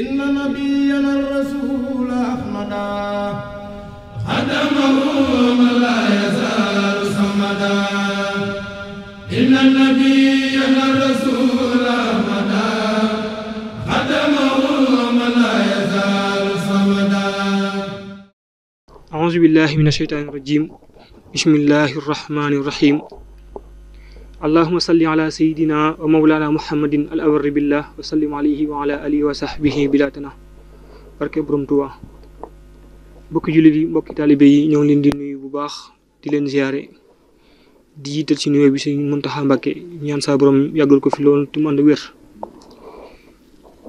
إن نبينا الرسول أحمدا خدمه من لا يزال صمدا إن نبينا الرسول أحمدا خدمه من لا يزال صمدا أعوذ بالله من الشيطان الرجيم بسم الله الرحمن الرحيم allahuma salli ala sayidina wa maulana muhammadin al awarri billah wa sallim alayhi wa ala alihi wa sahbihi bilatana barke borom Tuuba mbokki jullit yi mbokki taalibe yi ñoo ngi leen di nuyu bu baax di leen ziare di jiital ci nuyoo bi sëñ Muntaxa Mbàkke ñaan saa borom yàggal ko fi loolu te mu ànd wér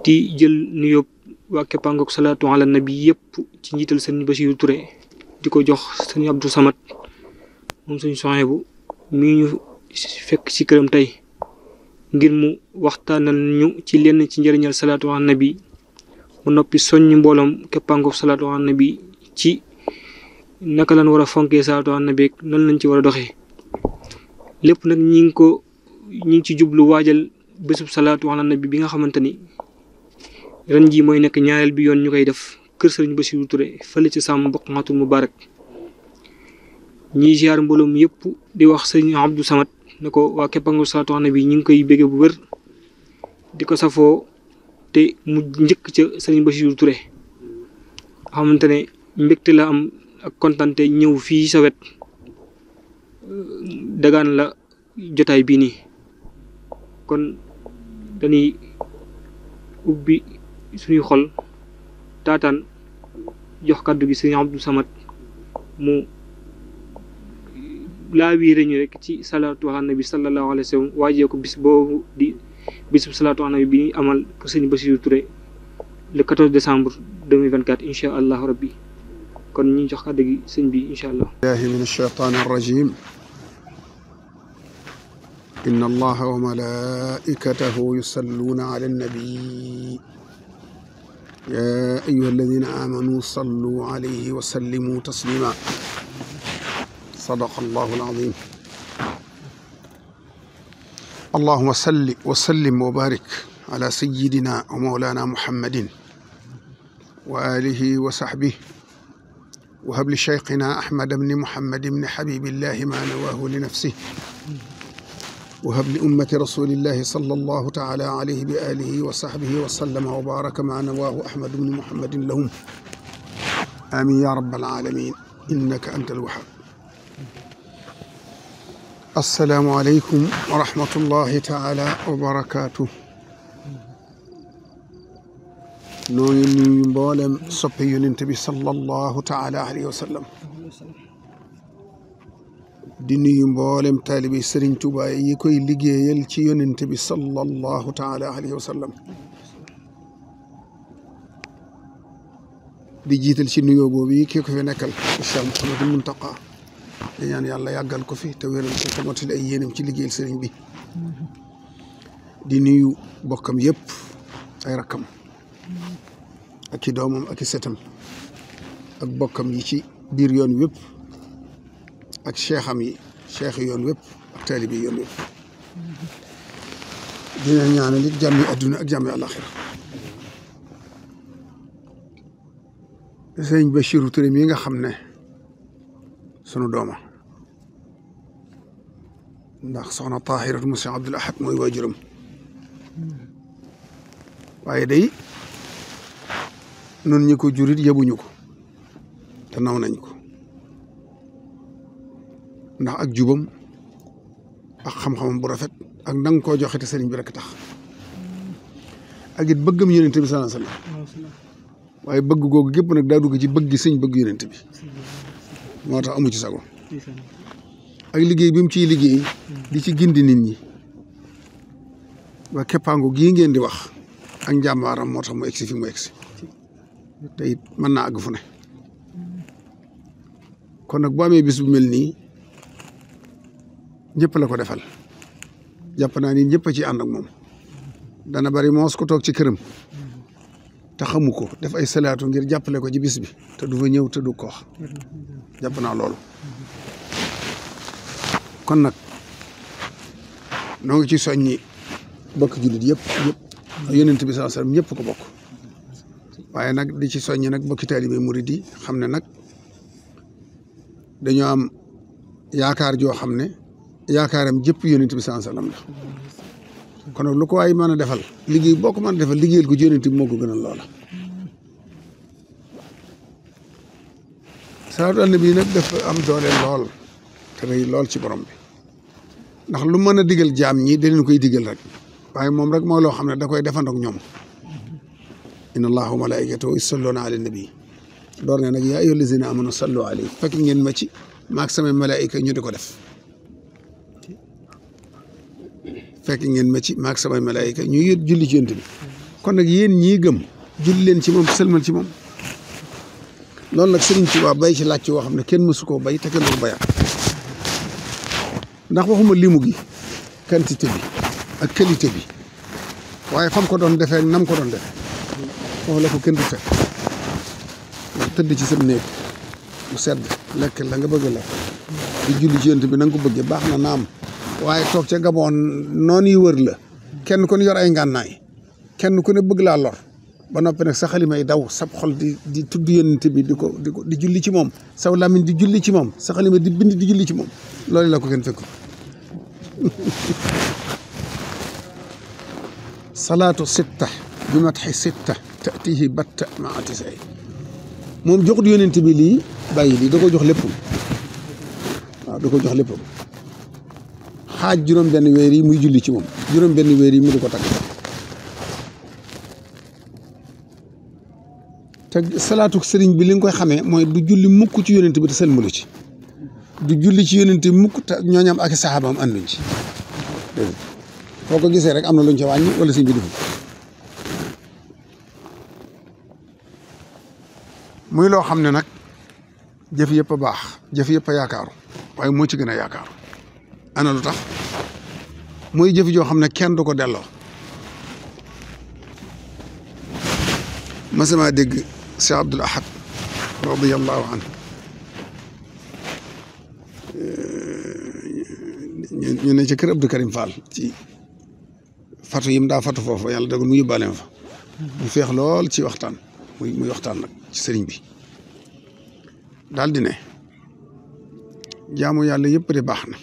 di jël nuyoo waa Kepaangook salaatu ala nabi yëpp ci njiital sëñ Basiru Ture di ko jox sëñ Abdou Samad moom sëñ Soxebu mi ñu fekk ci këram tey ngir mu waxtaanal ñu ci lenn ci njëriñal salaatu ala nabi noppi soññ mbooloom keppaangof salaatu ala ci naka lañ war a fonkee salaatu ala nabi nan lañ ci war a doxee lépp nag ñi ngi ko ñi ngi ci jublu waajal bésub salaatu ala nabi bi nga xamante ni ren jii mooy nekk ñaareel bi yoon ñu koy def kër Sëriñ Bassirou Touré fële ci sàmm Boqatul Mubarak ñiy ziar mbooloom yëpp di wax sëriñ Abdou Samad ne ko waa képpangu salaatu wax na bi ñu ngi koy béggee bu wér di ko safoo te mu njëkk ca sëriñ Bachir Touré xamante ne mbégte la am ak kontante ñëw fii sa wet euh, dagaan la jotaay bii nii kon dañuy ubbi suñuy xol taataan jox kàddu gi sëriñ Abdou Samad mu laa wiire ñu rek ci salaatu ala nabi sallallahu alayhi wa sallam waajee ko bis boobu di bisub salaatu ala nabi bi ñuy amal pour sëñ Bassirou Touré le 14 décembre rabbi kon ñu jox kàddu gi sëñ bi incha allah. billahi min ashaytaan arrajim inna allaha wa malaikatahu yusalluna ala annabi ya ayuha alladina amanu sallu alayhi wa sallimu taslima sadaqa allahu alazim allahuma salli wa sallim wa barik ala sayidina wa mawlana muhammadin wa alihi wa sahbihi wa habli cheikhina ahmad bni muhammad bni habibillahi ma nawaahu li nafsihi wa habli ummati rasulillahi sallallahu taala alayhi bi alihi wa sahbihi wa sallama wa baraka ma nawaahu ahmad bni muhammadin lahum amin ya rabbal alamin innaka anta alwahhab asalaamualeykum wa rahmatullahi taala wa barakaatu noo ngi nuyu mboolem soppe yonent bi sallallahu taala alayhi wa sallam di nuyu mboolem taalibi Sëriñ Tuubaa yi koy liggéeyal ci yonent bi sallallahu taala alayhi wa sallam di jiital ci nuyoo boobu yi kii ko fi nekkal Cheikh Mouhamadou Mountakha di ñaan yàlla yàggal ko fi te wéral ko te mottali ay yéenam ci liggéeyal sëriñ bi di nuyu bokkam yëpp ay rakkam ak i doomam ak i setam ak bokkam yi ci biir yoon wépp ak cheikham yi cheikh yoon wépp ak taalibe yi yoon wépp dina ñaanal it jàmmi adduna ak jàmmi àlaxira sëriñ Bachirou Touré mi nga xam ne sunu dooma ndax soxna Tahiratu Monsieur Abdoul Ahad mooy waajuram waaye day noonu ñi ko jurit yebuñu ko te naw nañ ko ndax ak jubam ak xam-xamam bu rafet ak nang koo joxe te sëriñ bi rek tax agit it bëggam yonent bi sallallahu alayhi waaye bëgg googu gépp nag daa dugg ci bëgg sëñ bëgg yonent bi moo tax amu ci sago ak liggéey bi mu ciy liggéey di ci gindi nit ñi ba keppaangu gii ngeen di wax ak njàmbaaram moo tax mu egsi fi mu egsi te it mën naa àgg fu kon nag bu amee bis bu mel nii ñëpp la ko defal jàpp naa ni ñëpp a ci ànd ak moom dana bari moos ko toog ci këram te xamu ko def ay salaatu ngir jàppale ko ci bis bi te du fa ñëw te du ko jàpp naa loolu kon nag noo ngi ci soññi bokk jullit yëpp yëpp yonent bi sallallahu alayhi wasallam ñëpp ko bokk waaye nag di ci soññi nag bokki taalibe mu yi xam ne nag dañoo am yaakaar joo xam ne yaakaaram jëpp yonent bi sallallahu alayhi wasallam la kon lu ko ay mën a defal liggéey boo ko mën defal liggéeyal ku yonent bi moo ko gënal loola salaatu annabi nag dafa am doole lool te rëy lool ci borom bi ndax lu mën a digal jaam ñii daleen koy diggal rek waaye moom rek moo loo xam ne da koy defandoog ñoom inna allaha wa malaikatahu yusalluuna ala nabi door ne nag yaa ayyuha allazina amanu sallu alayhi fekk ngeen ma ci maak samay malaayika ñu di ko def ngeen ma ci maak samay malaayika ñu yët julli ci yonent bi kon nag yéen ñii gëm julli leen ci moom sëlmal ci moom loolu nag Sëriñ Tuubaa bay ci laaj ci woo xam ne kenn mësu koo bay te kenn du ko ndax waxuma limu gi quantité bi ak qualité bi waaye fam ko doon defee nam ko doon defee foofu la kenn du fekk ndax tëdd ci sa néeg bu sedd lekk la nga bëgg a lekk di julli ci yent bi na nga ko bëggee baax na naam waaye toog ca gaboon noonu yi wër la kenn ku ne yor ay ngànnaay kenn ku ne bëgg laa lor ba noppi nag sa xalima yi daw sab xol di di tudd yonent bi di ko di ko di julli ci moom saw làmmiñ di julli ci moom sa xalima di bind di julli ci moom loolu la ko gën fekk salaatu sitta bi matxi sitta tatihi batta ma atisay moom joxut yonent bi lii bàyyi lii da ko jox léppam waaw da ko jox léppam xaaj juróom benn weer yi muy julli ci moom juróom benn weer yi mu di ko takk te salaatu sëriñ bi li nga koy xamee mooy du julli mukk ci yonent bi te sëlmalu ci du julli ci yonente mukk te ñooñam ak saxaabaam ànduñ ci dégg foo ko gisee rek am na luñ ci wàññi wala sëñ bi defu muy loo xam ne nag jëf yëpp a baax jëf yëpp a yaakaaru waaye moo ci gën a yaakaaru ana lu tax muy jëf joo xam ne kenn du ko delloo masama dégg Cheikh Abdoul Ahad radiyallahu anhu ñu ne ci kër Abdou Karim Fall ci fatu yim daa fatu foofu yàlla dogal mu yóbbaale ma fa. mu feex lool ci waxtaan muy muy waxtaan nag ci sëriñ bi daal di ne jaamu yàlla yëpp de baax na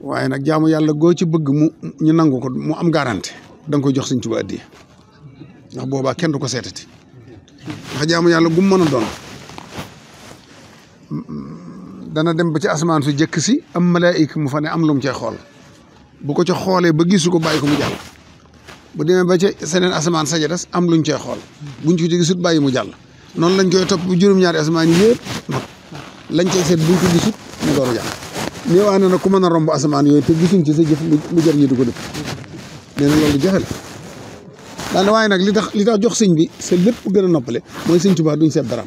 waaye nag jaamu yàlla goo ci bëgg mu ñu nangu ko mu am garanti da nga koy jox Sëriñ Tuubaa addiya ndax boobaa kenn du ko seetati ndax jaamu yàlla gum mën a doon. dana dem ba ca asamaan su jëkk si am malaayika mu fa ne am lu mu cay xool bu ko ca xoolee ba gisu ko bàyyi mu jàll bu demee ba ca seneen asamaan sa ca des am luñ cay xool buñ ci gisut bàyyi mu jàll noonu lañ koy topp bu juróom-ñaari asamaan yëpp nag lañ cay seet buñ ko gisut mu door a jàll néewaa na nag ku mën a romb asamaan yooyu te gisuñ ci sa jëf mu jar ñi du ko def nee loolu jafe la waaye nag li tax li tax jox sëñ bi sa lépp gën a noppale mooy sëñ Tuubaa duñ seet dara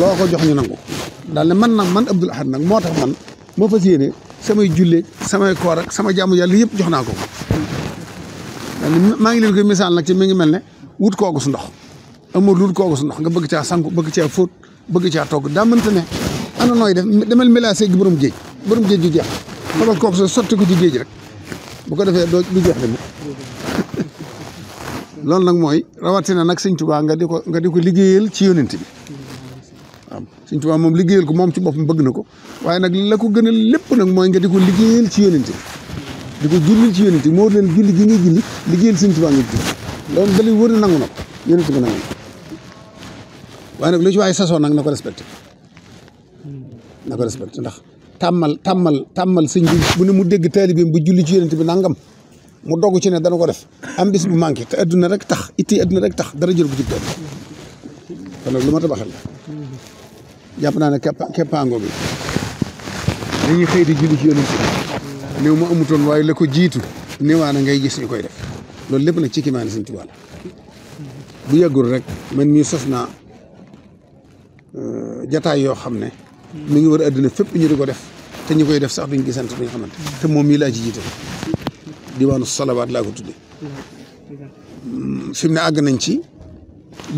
loo ko jox ñu nangu daal ne man nag man Abdoul Ahad nag moo tax man moo fas yéene samay julleeg samay koor ak sama jàmm yàlla yëpp jox naa ko maa ngi leen koy misaal nag ci mi ngi mel ne wut kooku su ndox amul wut kooku su ndox nga bëgg caa sanku bëgg caa fóot bëgg caa togg daa mënta ne ana nooy def demal mélancé gi borom géej borom géej ju jeex xolal kooku soo sotti ko ci géej rek bu ko defee doo du jeex de loolu nag mooy rawatina nag sëñ Tuubaa nga di ko nga di ko liggéeyal ci yónent bi Sëñ Tuubaa moom liggéeyal ko moom ci boppam bëgg na ko waaye nag la ko gënal lépp nag mooy nga di ko liggéeyal ci yónente di ko jullil ci yónente moo leen julli gi ngay julli liggéeyal Sëñ Tuubaa nga julli loolu da lay wër nangu na ko ko nangu waaye nag lu ci waaye sasoon nag na ko respecté na ko respecté ndax tàmmal tàmmal tàmmal sëñ bi bu ne mu dégg taalibeem bu julli ci yónente bi nangam mu dogg ci ne dana ko def am bis bu manqué te adduna rek tax itti adduna rek tax dara jël bu ci kon nag lu jàpp naa ne keppaango bi dañuy xëy di julli ci néew ma amutoon waaye la ko jiitu néewaana ngay gis ñu koy def loolu lépp nag ci kimaani si Tuubaa la bu yàggul rek man mii sos naa euh, jataay yoo xam ne mi ngi war a àddina fépp ñu di ko def te ñu koy def sax duñ gisante duñ xamante te moom mii laa ci jiite diwaanu salawaat laa ko tudde mm, fi mu ne àgg nañ ci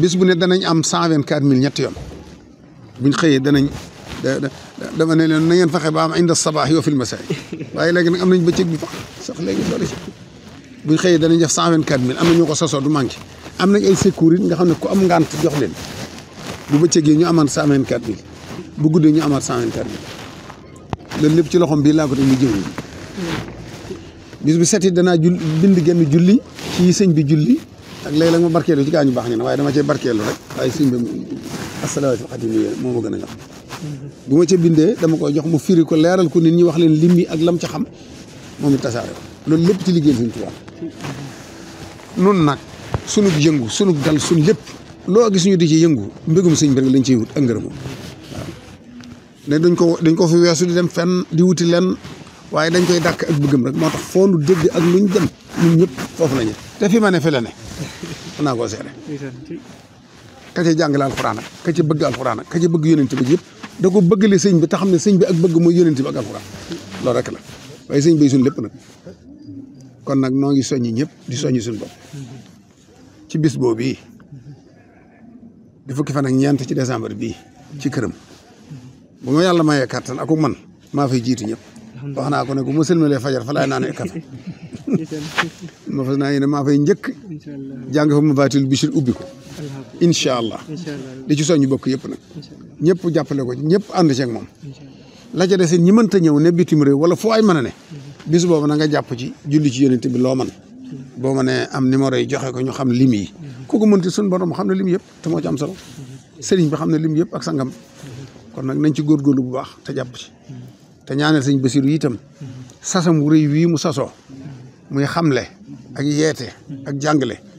bis bu ne danañ am cent vingt quatre mille ñetti yoon bu ñu xëyee danañ dama ne leen na ngeen fexe ba am inda sabaax yoo fil masaa waaye léegi nag am nañ bëccëg bi fa sax léegi doole si buñ xëyee danañ def cent vingt quatre am na ko sosoo du manqué am nañ ay nga xam ne ku am ngant jox leen bu bëccëgee ñu amaat cent vingt quatre bu guddee ñu amaat cent vingt quatre lépp ci loxom bii laa ko teg mu jëm bis bu set danaa jul bind genn julli ci sëñ bi julli ak léeg-léeg ma barkeelu ci gaa ñu baax ñu waaye dama cee barkeelu rek waaye sëñ bi asalawaatu xadimiya moo ma gën a jox bu ma ca bindee dama koy jox mu firi ko leeral ko nit ñi wax leen lim yi ak lam ca xam moom it tasaare loolu lépp ci liggéeyal Sëñ Tuubaa nun nag sunu yëngu sunu dal sunu lépp loo gis ñu di ci yëngu mbégum sëñ bi lañ ciy wut ak ngërëmam waaw ne dañ ko dañ ko fi weesu di dem fenn di wuti lenn waaye dañ koy dàkk ak bëggam rek moo tax foo nu dégg ak luñ dem ñun ñëpp foofu la te fi ma ne fi la ne xanaa koo seere ka ca jàngale alxuraan ak ka ca bëgg alxuraan ak ka ca bëgg yonent bi yëpp da bi te xam ne sëñ bi ak bëgg mooy yonent bi ak alxuraan loolu rek la waaye sëñ bi suñ lépp nag kon nag noo ngi soññi ñëpp di soññi sun bopp ci bis boobu bii di fukki fan ak ñeent ci décembre bi ci këram bu ma yàlla mayee kàttan aku man maa fay jiitu ñëpp wax naa ko ne ku ma sëlmalee fajar fa laay naan kafe ma fas naa yéene maa fay njëkk jàng fa ma baatil bichir ubbi ko incha allah di ci soññu bokk yëpp nag ñëpp jàppale ko ñëpp ànd ci ak moom la ca des ñi mënta ñëw ne bitim réew wala foo ay mën a ne mm-hmm. bis boobu na nga jàpp ci julli ci yonent bi loo man mm-hmm. boo ma ne am numéro yi joxe ko ñu xam lim yi mm-hmm. ku ko mënti suñu borom xam ne lim yëpp te moo ci am solo sëriñ bi xam ne lim yëpp ak sangam kon nag nañ ci góorgóorlu bu baax te jàpp ci te ñaanal sëñ Basiru itam sasam wu rëy wii mu saso muy xamle ak yeete ak jàngale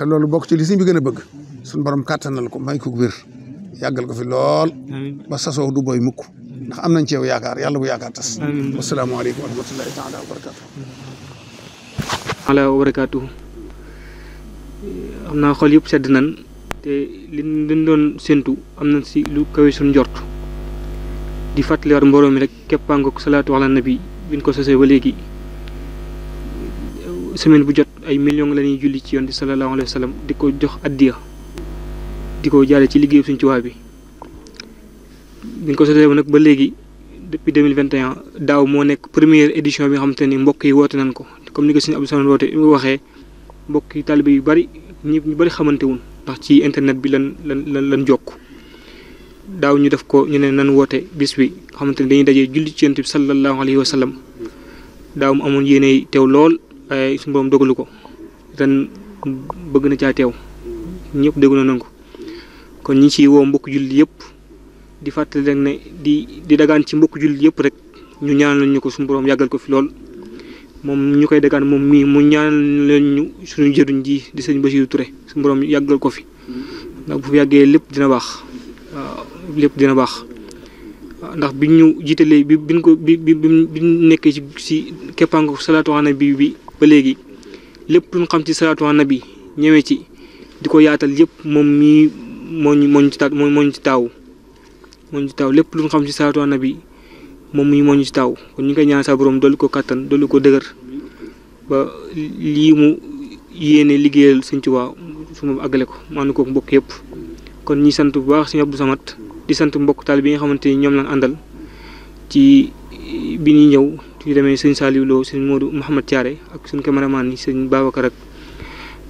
te loolu bokk ci li sëñ bi gën a bëgg suñu borom ko may ko wér ko fi lool sasoo du boy mukk ndax am nañ ci yow yaakaar yàlla bu yaakaar tas wasalaamaaleykum xol yëpp sedd nan te li séntu am na si lu kawe suñ njort di fàttaliwaat mbooloo mi rek képpaangook salaatu ala nabi biñ ko sosee ba léegi semaine bu jot ay million la ñuy julli ci yoon bi sallallahu alayhi wa sallam di ko jox addiya di ko jaale ci liggéeyu Sëriñ Tuubaa bi bi ñu ko sotee nag ba léegi depuis 2021 daaw moo nekk première édition bi nga ni mbokk yi woote nañ ko comme ni ko Sëriñ Abdou Samad woote bi mu waxee mbokk yi taalibe yu bari ñi bari xamante ndax ci internet bi lan lan lan lan jokk daaw ñu def ko ñu ne nan woote bis bi xamante ni dañuy dajee julli ci Yonent bi sallallahu alayhi wa sallam daaw mu amoon yéene tew lool waaye suñu borom dogalu ko ren bëgg na caa teew ñëpp dégg na ko kon ñi ciy woo mbokk jullit yëpp di fàttali rek ne di di dagaan ci mbokk jullit yëpp rek ñu ñaan ñu ko su mboroom yàggal ko fi lool. moom ñu koy dagaan moom mii mu ñaanal leen ñu suñu jëriñ ji di sëñ Bassirou Touré suñu borom yàggal ko fi ndax bu fi yàggee lépp dina baax lépp dina baax. ndax bi ñu jiitalee bi biñ ko bi bi bi nekkee ci ci keppaangu salaatu ala nabi bi ba léegi. lépp luñ xam ci salaatu an nabi ñëwee ci di ko yaatal yépp moom mii moo ñu moo ci taat moom ñu ci taaw moo ci taaw lépp luñ xam ci salaatu an nabi moom mii moo ci taaw kon ñu ngi koy ñaan sa borom dolli ko kàttan doolu ko dëgër ba lii mu yéene liggéeyal Sëñ Tuubaa su ma àggale ko maanaam ko mbokk yëpp kon ñi sant bu baax si Sëñ bu Samad di sant mbokk taal bi nga xamante ni ñoom lañ àndal ci bi ñuy ñëw ci demee sëñ Saliou Lo sëñ Modou Mouhamed Thiaré ak suñ caméraman yi sëñ Babacar ak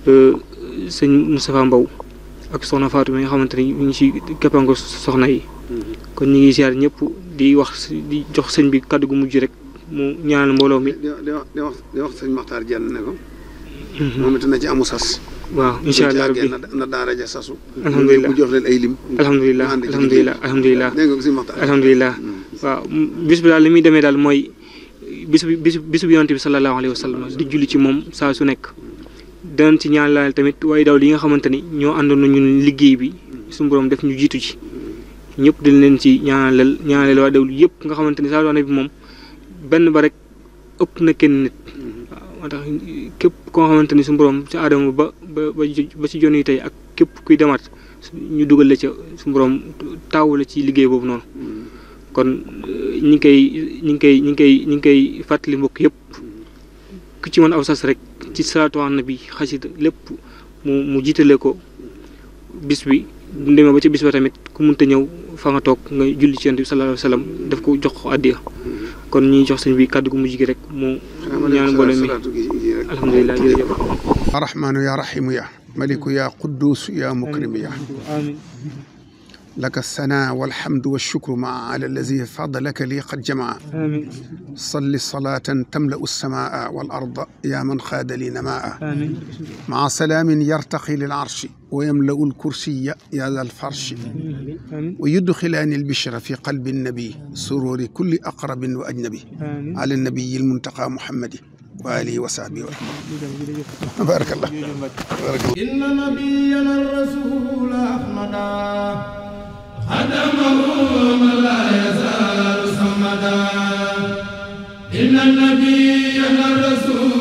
euh, sëñ Moustapha Mbow ak soxna Fatou mi nga xamante ni ñu ngi ci keppango soxna yi mm-hmm. kon ñu ngi ziar ñëpp di wax di jox sëñ bi kàddu gu mujj rek mu ñaanal mbooloo mi. di wax di wax mm-hmm. na ci amu sas. waaw incha allah rabbi na daara mm. bis bi daal li muy demee daal mooy. bisu bisu bisu yonent bi sallallahu alayhi wa sallam di julli ci moom saa su nekk danañ ci ñaan laal tamit waaye daw li nga xamante ni ñoo àndoon ñun liggéey bi suñu borom def ñu jiitu ci ñëpp dañ leen ci ñaanalal ñaanalal waa dawlu yëpp nga xamante ni saa doon bi moom benn ba rek ëpp na kenn nit waaw moo tax képp koo xamante ni suñu borom ci aadama ba ba ba ci joni tey ak képp kuy demaat ñu dugal la ca suñu borom taawu la ci liggéey boobu noonu kon euh, ñi ngi koy ñi ngi koy ñi ngi koy ñi ngi koy fàttali mbokk yëpp ku ci mën aw rek ci salaatu an nabi lépp mu mu jiitale ko bis bi bu demee ba ci bis ba tamit ku mënta ñëw fa nga toog nga julli ci yonent bi sallallahu alayhi daf ko jox ko addiya kon ñuy jox sëñ bi kàddu gu mujj gi rek mu ñaan mbooloo mi alhamdulilah jërëjëf arrahmaanu ya maliku ya quddus ya mukrimu laka sana walhamdu walchukru maa ala allazi fadlaka lii qad jamaa amiin salli salaatan tamla'u alsamaa wal arda yaa man xaada li namaa amiin maa salaamin yartaqi lil arshi wa yamla'u alkursiya yaa zal farshi wa yudxilaani albishra fi qalbi nnabi sururi kulli aqrabin wa ajnabi ala nnabiyi almuntaqa muhammadi wa alihi wa sahbihi wa rahmatulah barakallah barakallah inna nabiyana rasula ahmada إن النبي الرسول